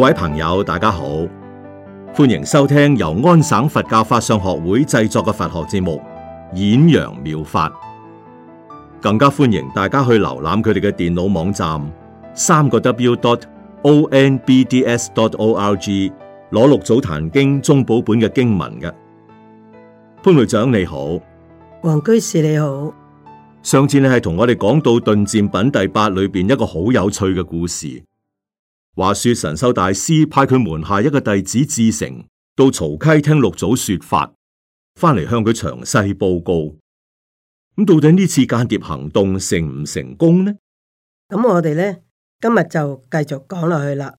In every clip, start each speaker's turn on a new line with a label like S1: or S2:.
S1: 各位朋友，大家好，歡迎收聽由安省佛教法相學會製作嘅佛學節目《演揚妙法》，更加歡迎大家去瀏覽佢哋嘅電腦網站三個 w dot onbds dot org 攞六祖壇經中寶本嘅經文嘅潘會長，你好，
S2: 黃居士你好，
S1: 上次你係同我哋講到《頓漸品》第八裏邊一個好有趣嘅故事。話說神秀大師派佢門下一個弟子志誠到曹溪聽六祖說法，翻嚟向佢詳細報告。咁到底呢次間諜行動成唔成功呢？
S2: 咁我哋呢今日就繼續講落去啦。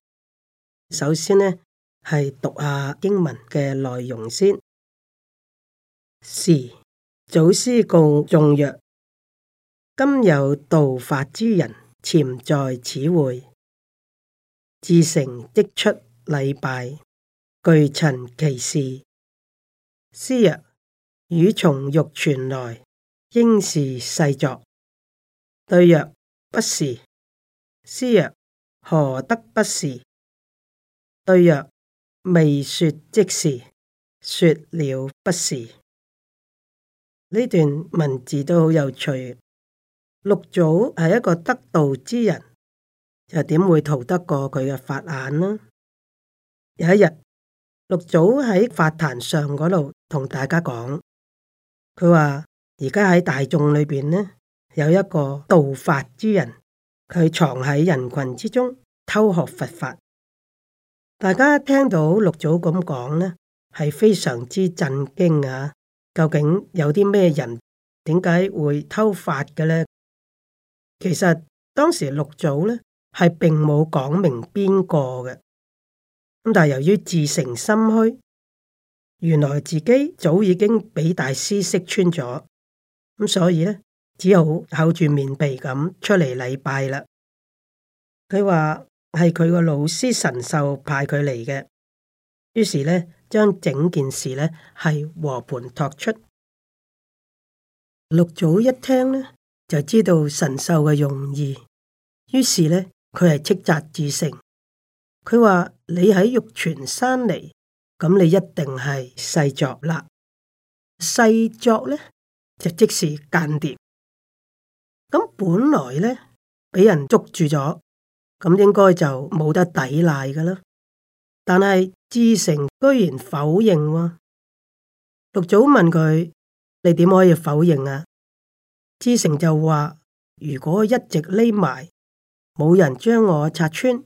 S2: 首先呢係讀下經文嘅內容先。時祖師告眾曰：今有道法之人，潛在此會。自成即出禮拜，具陳其事。師曰：汝從玉泉來，應是細作。對曰：不是。師曰：何得不是？對曰：未說即是，說了不是。呢段文字都好有趣。六祖係一個得道之人。又點會逃得過佢嘅法眼呢？有一日，六祖喺法壇上嗰度同大家講，佢話而家喺大眾裏邊呢，有一個盜法之人，佢藏喺人群之中偷學佛法。大家聽到六祖咁講呢，係非常之震驚啊！究竟有啲咩人點解會偷法嘅呢？其實當時六祖呢。係並冇講明邊個嘅，咁但係由於自成心虛，原來自己早已經俾大師識穿咗，咁所以咧，只好厚住面皮咁出嚟禮拜啦。佢話係佢個老師神秀派佢嚟嘅，於是咧，將整件事咧係和盤托出。六祖一聽咧，就知道神秀嘅用意，於是咧。佢係斥責志誠。佢話你喺玉泉山嚟，咁你一定係細作啦。細作咧就即是間諜。咁本來咧俾人捉住咗，咁應該就冇得抵賴噶啦。但係志誠居然否認喎、哦。六祖問佢：你點可以否認啊？志誠就話：如果一直匿埋。冇人將我拆穿，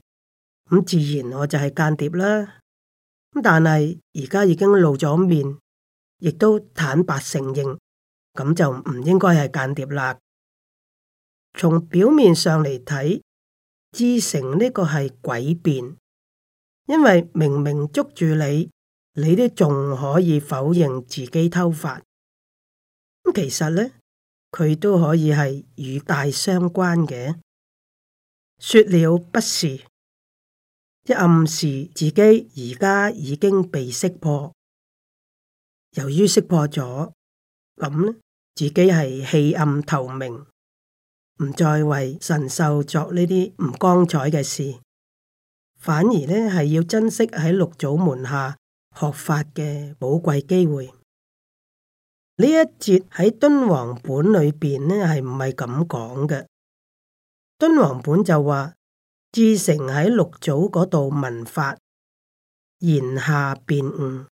S2: 咁自然我就係間諜啦。但係而家已經露咗面，亦都坦白承認，咁就唔應該係間諜啦。從表面上嚟睇，知誠呢個係詭辯，因為明明捉住你，你都仲可以否認自己偷發。咁其實呢，佢都可以係與大相關嘅。說了不是，一暗示自己而家已經被識破。由於識破咗，咁自己係棄暗投明，唔再為神秀作呢啲唔光彩嘅事，反而呢係要珍惜喺六祖門下學法嘅寶貴機會。呢一節喺敦煌本裏邊呢係唔係咁講嘅。敦煌本就話自成，喺六祖嗰度聞法，言下便悟，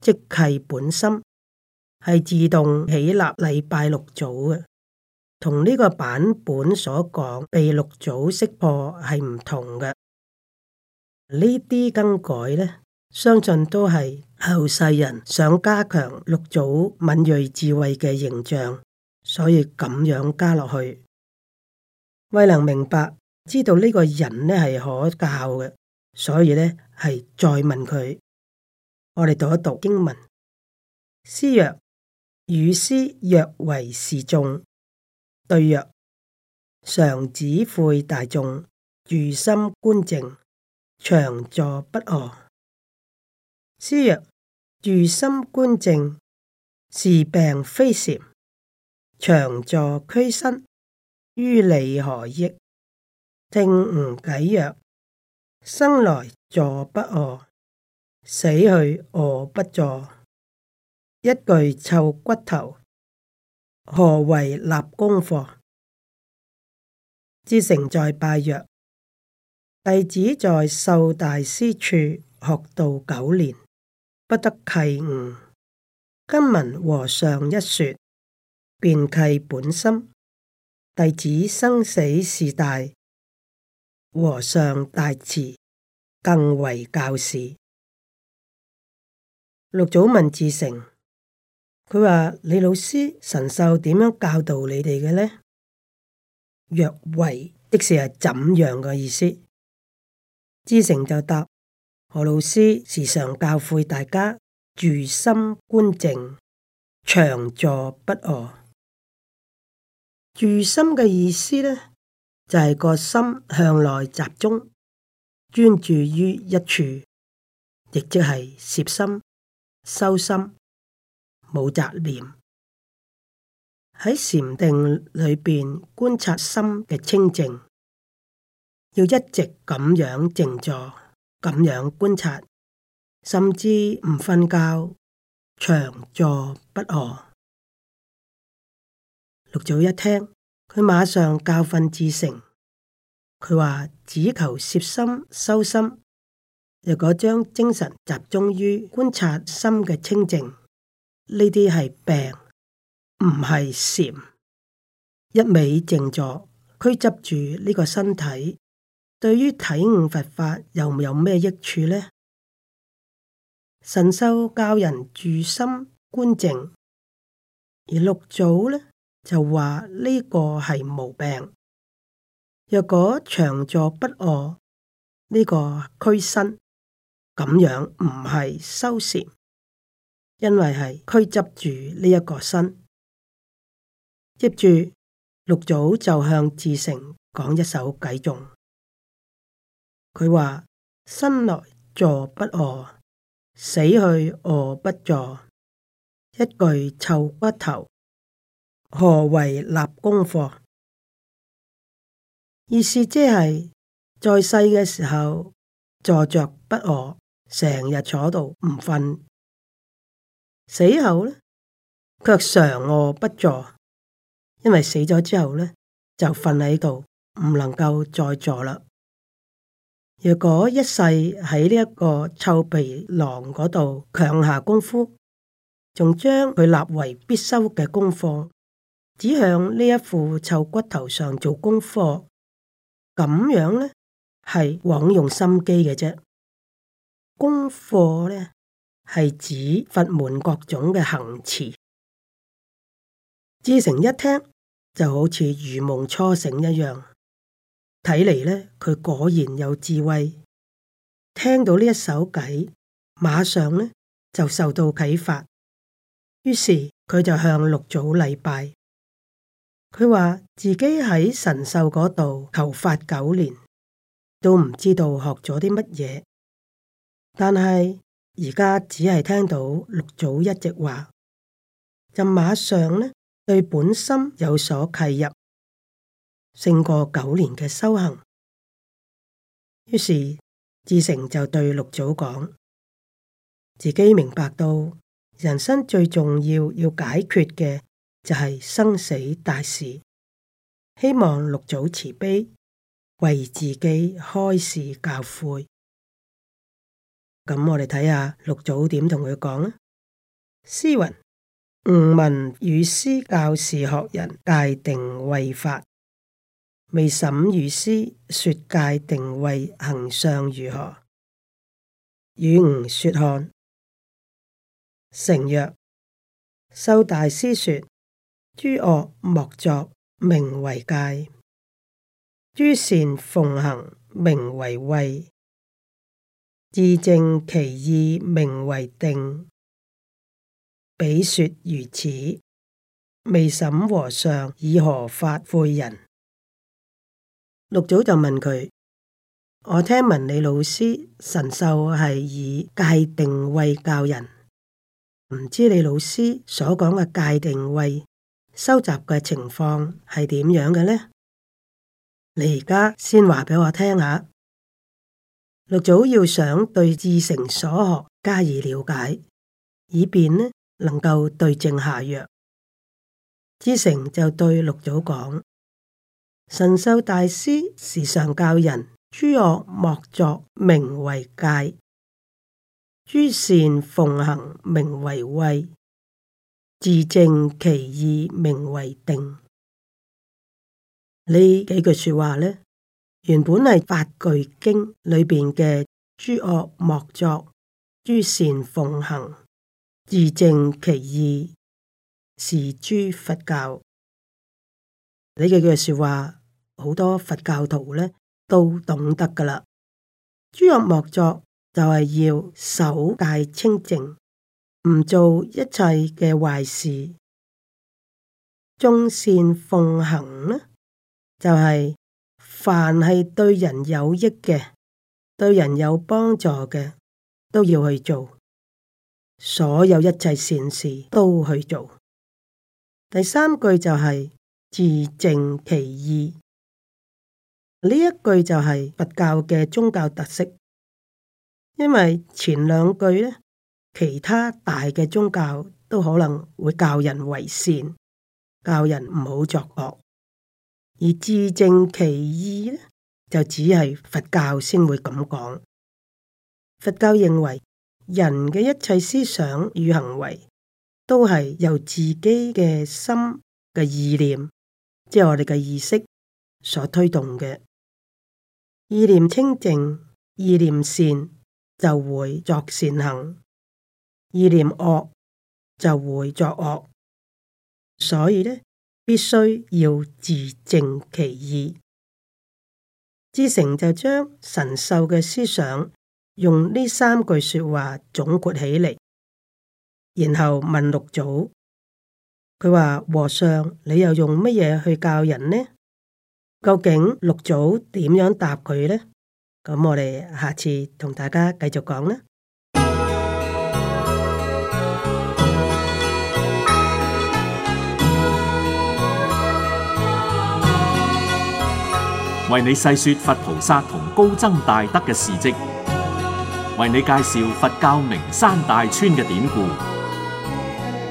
S2: 即契本心，係自動起立禮拜六祖嘅。同呢個版本所講被六祖識破係唔同嘅。呢啲更改呢，相信都係後世人想加強六祖敏銳智慧嘅形象，所以咁樣加落去。未能明白知道呢個人咧，係可教嘅，所以呢，係再問佢。我哋讀一讀經文。師曰：與師若為示眾？對曰：常指悔大眾，住心觀靜，長坐不卧。師曰：住心觀靜，是病非禪，長坐屈身，於理何益？聽吾偈曰：生來坐不卧，死去卧不坐，一句臭骨頭，何為立功課？智成在拜曰：弟子在受大師處學道九年，不得契悟。今聞和尚一說，便契本心。弟子生死事大，和尚大慈，更為教示。六祖問智成，佢話：李老師神秀點樣教導你哋嘅呢？若為的事係怎樣嘅意思？智成就答：何老師時常教誨大家，住心觀靜，長坐不臥。住心嘅意思咧，就係個心向內集中，專注於一處，亦即係攝心、修心，冇雜念。喺禪定裏邊觀察心嘅清靜，要一直咁樣靜坐，咁樣觀察，甚至唔瞓覺，長坐不臥。六祖一聽，佢馬上教訓至成。佢話：只求攝心、修心，若果將精神集中於觀察心嘅清靜，呢啲係病，唔係禪。一味靜坐，拘執住呢個身體，對於體悟佛法又有冇咩益處呢？神秀教人住心觀靜，而六祖呢？就話呢個係毛病。若果長坐不臥，呢、這個拘身，咁樣唔係修禪，因為係拘執住呢一個身。接住六祖就向智成講一首偈頌，佢話：生來坐不臥，死去臥不坐，一句臭骨頭。何為立功課？意思即係在世嘅時候坐着不餓，成日坐喺度唔瞓；死後呢，却常餓不坐，因為死咗之後呢，就瞓喺度，唔能夠再坐啦。若果一世喺呢一個臭皮囊嗰度強下功夫，仲將佢立為必修嘅功課。指向呢一副臭骨頭上做功課，咁樣呢係枉用心機嘅啫。功課呢係指佛門各種嘅行持。志誠一聽就好似如夢初醒一樣，睇嚟呢，佢果然有智慧，聽到呢一首偈，馬上呢就受到啟發，於是佢就向六祖禮拜。佢話自己喺神秀嗰度求法九年，都唔知道學咗啲乜嘢，但係而家只係聽到六祖一席話，就馬上呢對本心有所契入，勝過九年嘅修行。於是志誠就對六祖講，自己明白到人生最重要要解決嘅，就係生死大事，希望六祖慈悲為自己開示教誨。咁我哋睇下六祖點同佢講啦。師云：吾聞汝師教示學人戒定慧法，未審汝師說戒定慧行相如何？與吾說看。誠曰：秀大師說。諸惡莫作，名為戒；諸善奉行，名為慧，自正其意，名為定。彼說如此，未審和尚以何法誨人？六祖就問佢：我聽聞你老師神秀係以戒定慧教人，唔知你老師所講嘅戒定慧？收集嘅情況係點樣嘅呢？你而家先話畀我聽下。六祖要想對志誠所學加以了解，以便呢能夠對症下藥。志誠就對六祖講：神秀大師時常教人，諸惡莫作，名為戒；諸善奉行，名為慧。自淨其意，名為定。呢幾句說話呢，原本係法句經裏邊嘅。諸惡莫作，諸善奉行，自淨其意，是諸佛教。呢幾句說話，好多佛教徒呢都懂得噶啦。諸惡莫作就係要守戒清淨。唔做一切嘅壞事，眾善奉行呢，就係凡係對人有益嘅、對人有幫助嘅，都要去做。所有一切善事都去做。第三句就係自淨其意，呢一句就係佛教嘅宗教特色，因為前兩句呢。其他大嘅宗教都可能會教人為善，教人唔好作惡，而自正其意呢，就只係佛教先會咁講。佛教認為人嘅一切思想與行為都係由自己嘅心嘅意念，即係我哋嘅意識所推動嘅。意念清淨，意念善，就會作善行。意念惡就會作惡，所以咧必須要自正其意。智誠就將神秀嘅思想用呢三句說話總括起嚟，然後問六祖，佢話：和尚，你又用乜嘢去教人呢？究竟六祖點樣答佢咧？咁我哋下次同大家繼續講啦。
S1: 為你細說佛菩薩同高僧大德嘅事迹，為你介紹佛教名山大川嘅典故，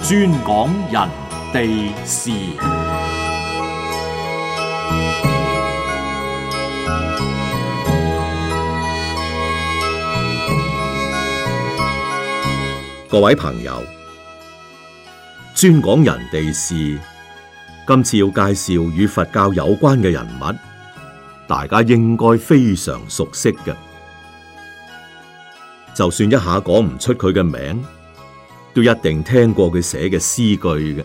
S1: 專講人地事。各位朋友，專講人地事，今次要介紹與佛教有關嘅人物。大家應該非常熟悉嘅，就算一下講唔出佢嘅名，都一定聽過佢寫嘅詩句嘅。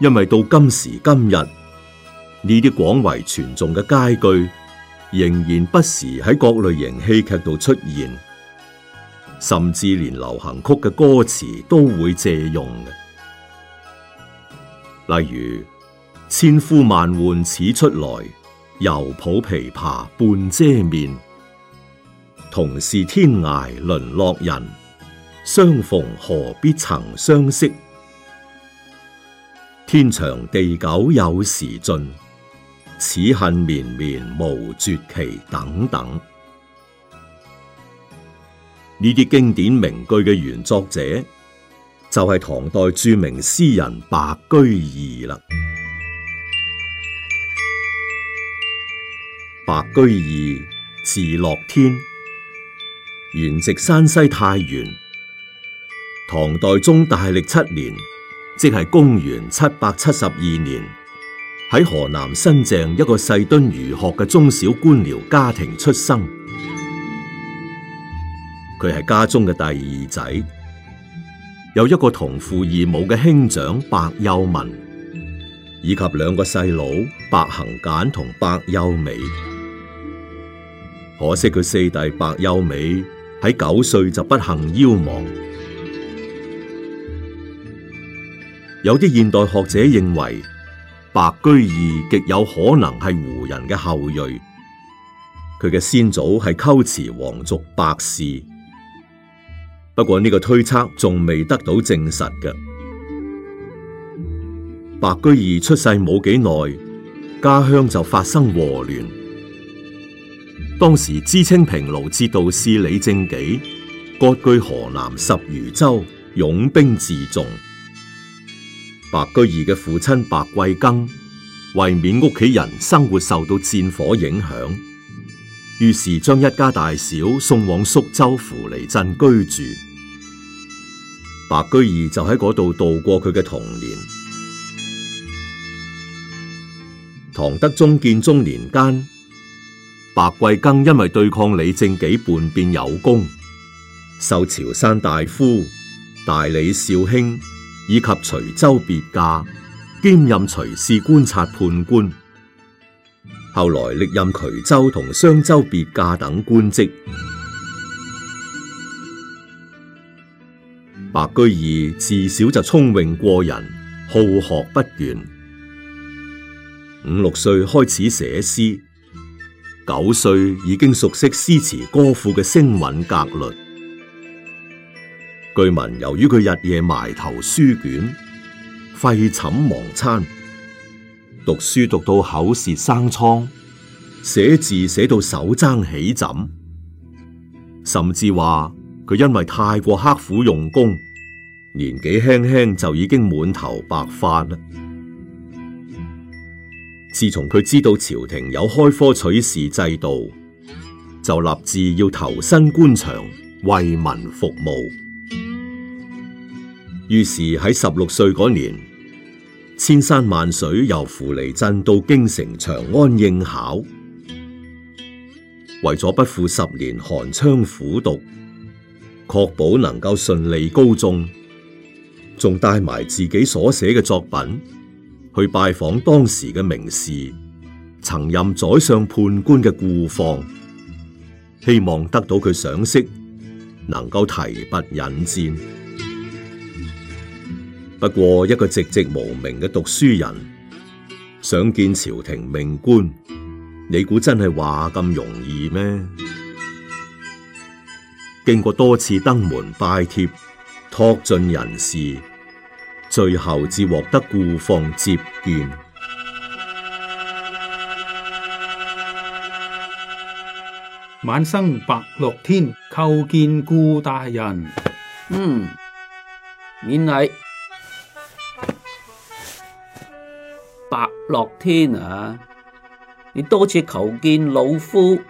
S1: 因為到今時今日，呢啲廣為傳頌嘅佳句，仍然不時喺各類型戲劇度出現，甚至連流行曲嘅歌詞都會借用嘅。例如，千呼萬喚始出來。又抱琵琶半遮面，同是天涯淪落人，相逢何必曾相識？天長地久有時盡，此恨綿綿無絕期。等等，呢啲經典名句嘅原作者就係、是、唐代著名詩人白居易啦。白居易，字樂天，原籍山西太原，唐代宗大曆七年，即係公元七百七十二年，喺河南新鄭一個世敦儒學嘅中小官僚家庭出生。佢係家中嘅第二仔，有一個同父異母嘅兄長白幼文，以及兩個細佬白行簡同白幼美。可惜佢四弟白幼美喺九歲就不幸夭亡。有啲現代學者認為，白居易極有可能係胡人嘅後裔，佢嘅先祖係龜茲皇族白氏。不過呢個推測仲未得到證實嘅。白居易出世冇幾耐，家鄉就發生禍亂。當時知青平盧節度使李正己割據河南十餘州，擁兵自重。白居易嘅父親白季庚為免屋企人生活受到戰火影響，於是將一家大小送往宿州符離鎮居住。白居易就喺嗰度度過佢嘅童年。唐德宗建中年間，白季庚因為對抗李正己叛變有功，受朝山大夫、大理少卿以及徐州別駕兼任徐泗觀察判官，後來歷任渠州同商州別駕等官職。白居易自小就聰穎過人，好學不倦，五六歲開始寫詩。九歲已經熟悉詩詞歌賦嘅聲韻格律。據聞，由於佢日夜埋頭書卷，廢寢忘餐，讀書讀到口舌生瘡，寫字寫到手踭起枕，甚至話佢因為太過刻苦用功，年紀輕輕就已經滿頭白髮啦。自從佢知道朝廷有開科取士制度，就立志要投身官場，為民服務。於是喺十六歲嗰年，千山萬水由扶離鎮到京城長安應考，為咗不負十年寒窗苦讀，確保能夠順利高中，仲帶埋自己所寫嘅作品。去拜訪當時嘅名士，曾任宰相判官嘅顧況，希望得到佢賞識，能夠提拔引薦。不過一個寂寂無名嘅讀書人，想見朝廷命官，你估真係話咁容易咩？經過多次登門拜帖，託盡人事。最後至獲得顧況接見。
S3: 晚生白樂天叩見顧大人。
S4: 嗯，免禮。白樂天啊，你多次求見老夫，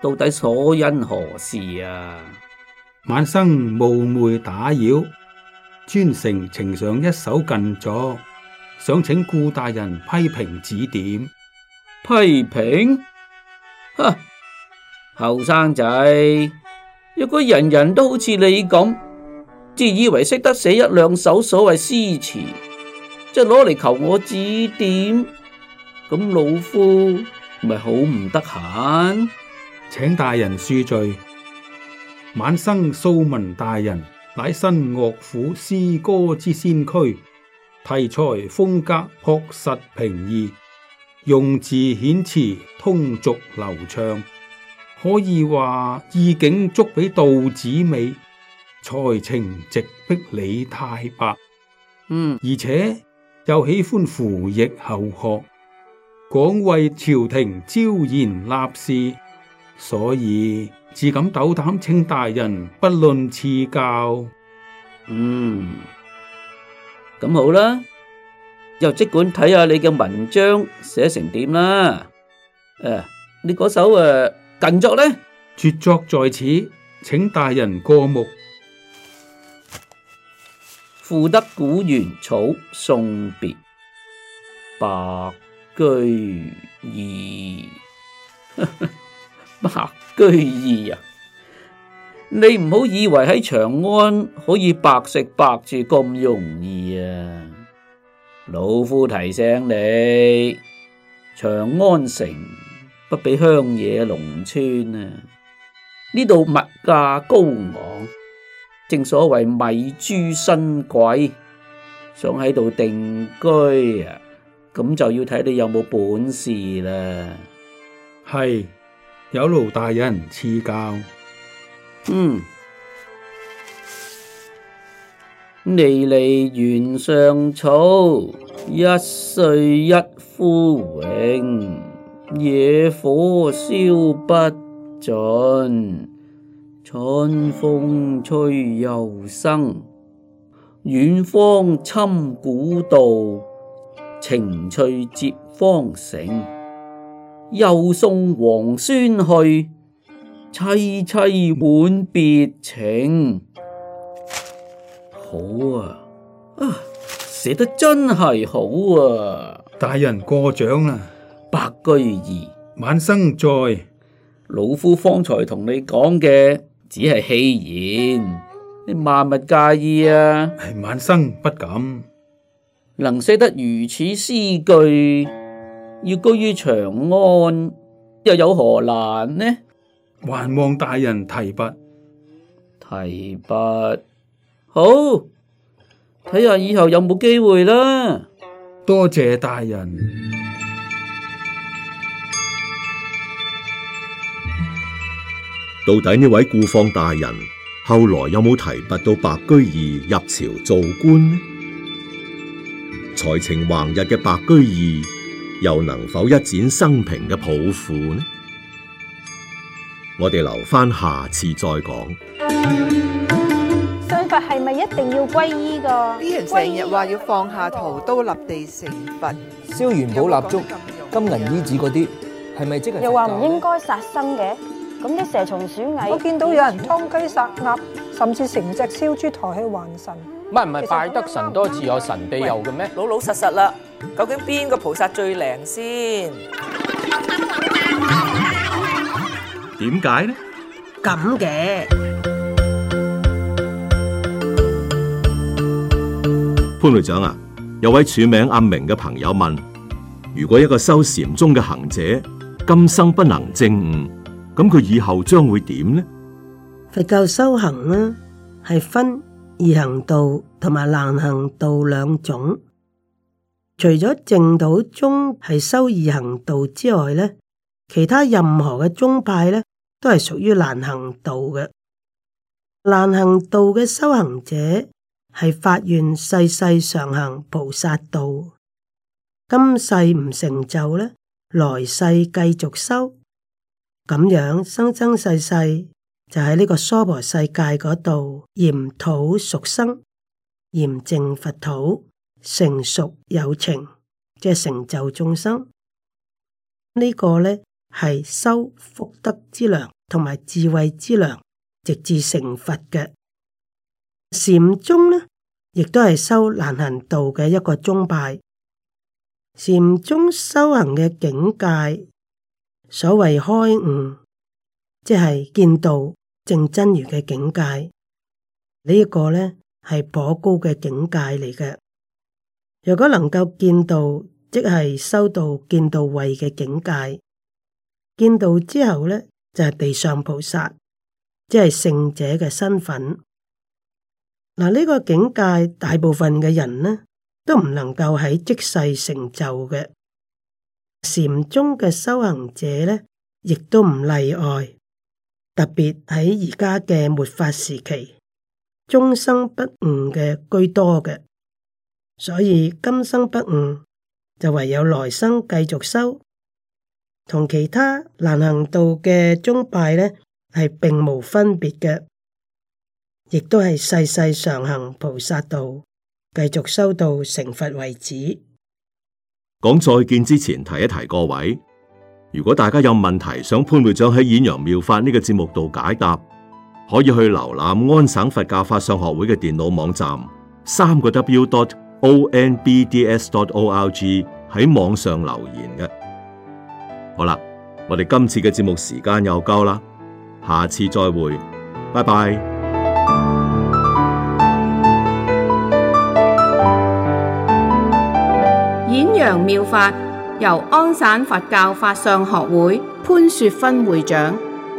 S4: 到底所因何事啊？晚
S3: 生冒昧打擾。專誠呈上一首近作，
S4: 想請顧大人批評指點。批評？哼，後生仔，若果人人都好似你咁，自以為識得寫一兩首所謂詩詞，即係攞嚟求我指點，咁老夫咪好唔得閒？請大人恕罪。晚生素聞
S3: 大人，乃新樂府詩歌之先驅，題材風格樸實平易，用字遣詞通俗流暢，可以話意境足比杜子美，才情直逼李太白。嗯，而且又喜歡扶掖後學，廣為朝廷招賢納士。所以。自敢斗膽，請大人不論賜
S4: 教。嗯，咁好啦，又即管睇下你嘅文章寫成點啦。誒，你嗰首誒近作呢？絕作在此，請大人過目。賦得古原草送別，白居易。白。居易啊！你唔好以為喺長安可以白食白住咁容易啊！老夫提醒你，長安城不比鄉野農村啊，呢度物價高昂，正所謂「米珠薪桂」，想喺度定居啊，咁就要睇你有冇本事啦。係。有勞大人賜教。嗯，離離原上草，一歲一枯榮。野火燒不盡，春風吹又生。遠芳侵古道，晴翠接荒城。又送王孫去，淒淒滿別情。好啊，啊，寫得真係好啊！大人過獎啦，白居易。晚生在，老夫方才同你講嘅只係戲言，你萬勿介意啊！係，晚生不敢，能寫得如此詩句。要居於長安，又有何難呢？還望大人提拔。提拔好，睇下以後有冇機會啦。多謝大人。
S1: 到底呢位顧況大人後來有冇提拔到白居易入朝做官呢？才情橫溢嘅白居易，又能否一展生平嘅抱負呢？我哋留翻下，下次再講。
S4: 信佛係咪一定要皈依噶？啲人成日話要放下屠刀立地成佛，燒元寶蠟燭、金銀衣紙嗰啲，係咪、嗯、即係？又話唔應該殺生嘅，咁啲蛇蟲鼠蟻，我見到有人劏雞殺鴨，甚至成隻燒豬抬去還神。唔係唔係，拜得神多似有神庇佑嘅咩？老老實實啦。究竟邊個菩薩最靈先？
S2: 點解呢？咁嘅
S1: 潘隊長啊，有位署名阿明嘅朋友問：如果一個修禪宗嘅行者今生不能正悟，咁佢以後將會點呢？
S2: 佛教修行呢，係分易行道同埋難行道兩種。除咗淨土宗係修易行道之外呢，咧其他任何嘅宗派咧都係屬於難行道嘅。難行道嘅修行者係發願世世常行菩薩道，今世唔成就咧，來世繼續修，咁樣生生世世就喺呢個娑婆世界嗰度嚴土熟生嚴淨佛土。成熟有情，即係成就眾生。這個、呢個咧係修福德資糧同埋智慧資糧，直至成佛嘅。禪宗咧，亦都係修難行道嘅一個宗派。禪宗修行嘅境界，所謂開悟，即係見道證真如嘅境界。這個、呢一個咧係頗高嘅境界嚟嘅。如果能夠見到，即係修到見到位嘅境界，見到之後呢就係地上菩薩，即係聖者嘅身份。嗱，呢個境界大部分嘅人呢都唔能夠喺即世成就嘅，禪宗嘅修行者呢亦都唔例外，特別喺而家嘅末法時期，終生不悟嘅居多嘅。所以今生不悟，就唯有來生繼續修，同其他難行道嘅宗拜呢，係並無分別嘅，亦都係世世常行菩薩道，繼續修到成佛為止。
S1: 講再見之前，提一提各位，如果大家有問題想潘會長喺《演揚妙法》呢、這個節目度解答，可以去瀏覽安省佛教法相學會嘅電腦網站，三個 W dot。O N B D S. dot o r g 喺網上留言嘅。好啦，我哋今次嘅節目時間又夠啦，下次再會，拜拜。
S4: 演揚妙法由安省佛教法相學會潘雪芬會長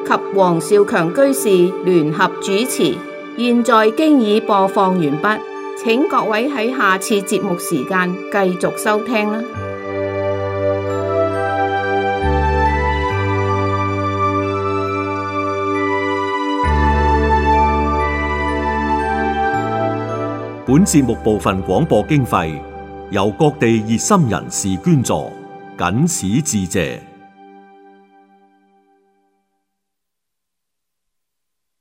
S4: 及黃少強居士聯合主持，現在經已播放完畢。請各位喺下次節目時間繼續收聽啦。
S1: 本節目部分廣播經費由各地熱心人士捐助，謹此致謝。